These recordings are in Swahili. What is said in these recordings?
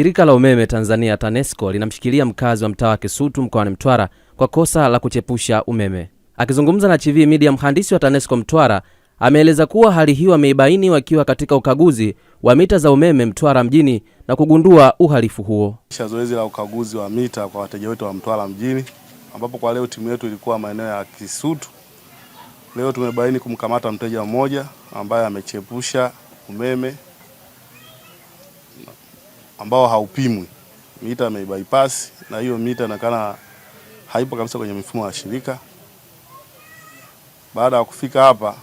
Shirika la umeme Tanzania TANESCO linamshikilia mkazi wa mtaa wa Kisutu mkoani Mtwara kwa kosa la kuchepusha umeme. Akizungumza na TV Media, mhandisi wa TANESCO Mtwara ameeleza kuwa hali hiyo ameibaini wakiwa katika ukaguzi wa mita za umeme Mtwara mjini na kugundua uhalifu huo. Kisha zoezi la ukaguzi wa mita kwa wateja wetu wa Mtwara mjini, ambapo kwa leo timu yetu ilikuwa maeneo ya Kisutu. Leo tumebaini kumkamata mteja mmoja ambaye amechepusha umeme ambao haupimwi, mita ameibypass, na hiyo mita inakana haipo kabisa kwenye mifumo ya shirika. Baada ya kufika hapa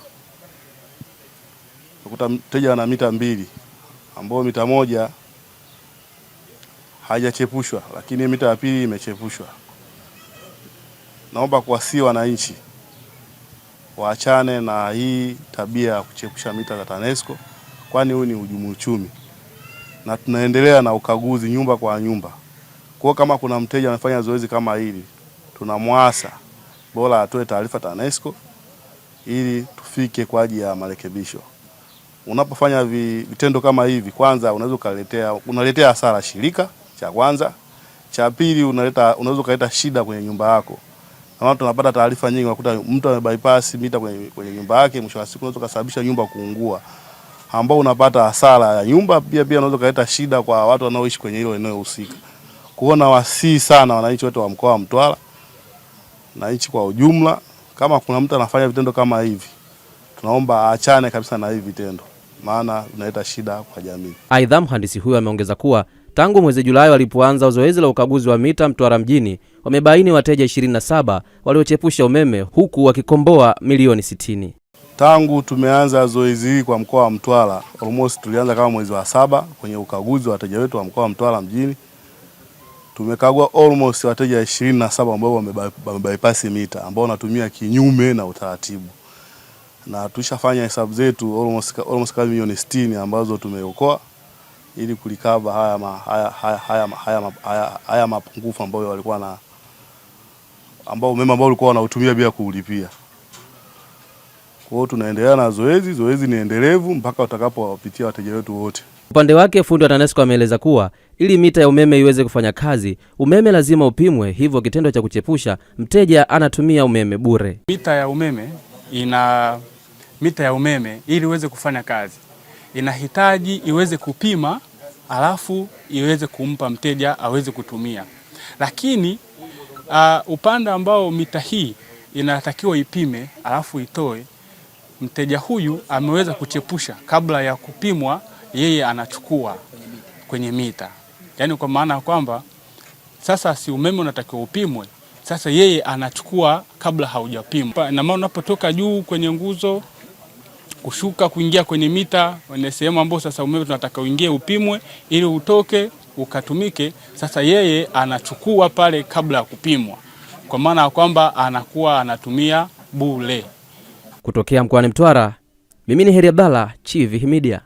ukuta mteja ana mita mbili ambayo mita moja haijachepushwa, lakini mita ya pili imechepushwa. Naomba kuwasii wananchi waachane na hii tabia ya kuchepusha mita za TANESCO, kwani huu ni hujumu uchumi na tunaendelea na ukaguzi nyumba kwa nyumba. Kwa kama kuna mteja anafanya zoezi kama hili, tunamwasa bora atoe taarifa TANESCO ili tufike kwa ajili ya marekebisho. Unapofanya vitendo kama hivi, kwanza unaweza ukaletea unaletea hasara shirika, cha kwanza. Cha pili unaleta unaweza ukaleta shida kwenye nyumba yako, kama tunapata taarifa nyingi, unakuta mtu amebypass mita kwenye, kwenye nyumba yake, mwisho wa siku unaweza kusababisha nyumba kuungua ambao unapata hasara ya nyumba, pia pia unaweza kuleta shida kwa watu wanaoishi kwenye hilo eneo husika. Kuona wasi sana wananchi wote wa mkoa wa Mtwara na nchi kwa ujumla, kama kuna mtu anafanya vitendo kama hivi, tunaomba aachane kabisa na hivi vitendo, maana unaleta shida kwa jamii. Aidha, mhandisi huyo ameongeza kuwa tangu mwezi Julai walipoanza zoezi la ukaguzi wa mita Mtwara mjini wamebaini wateja 27 waliochepusha umeme huku wakikomboa milioni 60. Tangu tumeanza zoezi hili kwa mkoa wa Mtwara, almost tulianza kama mwezi wa saba kwenye ukaguzi wa wateja wetu wa mkoa wa Mtwara mjini. Tumekagua almost wateja ishirini na saba ambao wamebypass mita ambao wanatumia kinyume na utaratibu, na tushafanya hesabu zetu almost almost kama milioni 60 ambazo tumeokoa ili kulikava haya, ma, haya, haya, haya, haya, haya, haya mapungufu ambayo walikuwa na ambao umeme ambao walikuwa wanautumia bila kuulipia. Kwa hiyo tunaendelea na zoezi, zoezi ni endelevu mpaka watakapowapitia wateja wetu wote. Upande wake fundi wa TANESCO ameeleza kuwa ili mita ya umeme iweze kufanya kazi, umeme lazima upimwe, hivyo kitendo cha kuchepusha mteja anatumia umeme bure. Mita ya umeme ina mita ya umeme ili iweze kufanya kazi inahitaji iweze kupima, alafu iweze kumpa mteja aweze kutumia. Lakini uh, upande ambao mita hii inatakiwa ipime alafu itoe mteja huyu ameweza kuchepusha kabla ya kupimwa, yeye anachukua kwenye mita, yaani kwa maana ya kwamba sasa si umeme unatakiwa upimwe, sasa yeye anachukua kabla haujapimwa. Na maana unapotoka juu kwenye nguzo kushuka kuingia kwenye mita, kwenye sehemu ambayo sasa umeme tunataka uingie upimwe ili utoke ukatumike, sasa yeye anachukua pale kabla ya kupimwa, kwa maana ya kwamba anakuwa anatumia bule Kutokea mkoani Mtwara, mimi ni Heri Abdalla, Chivihi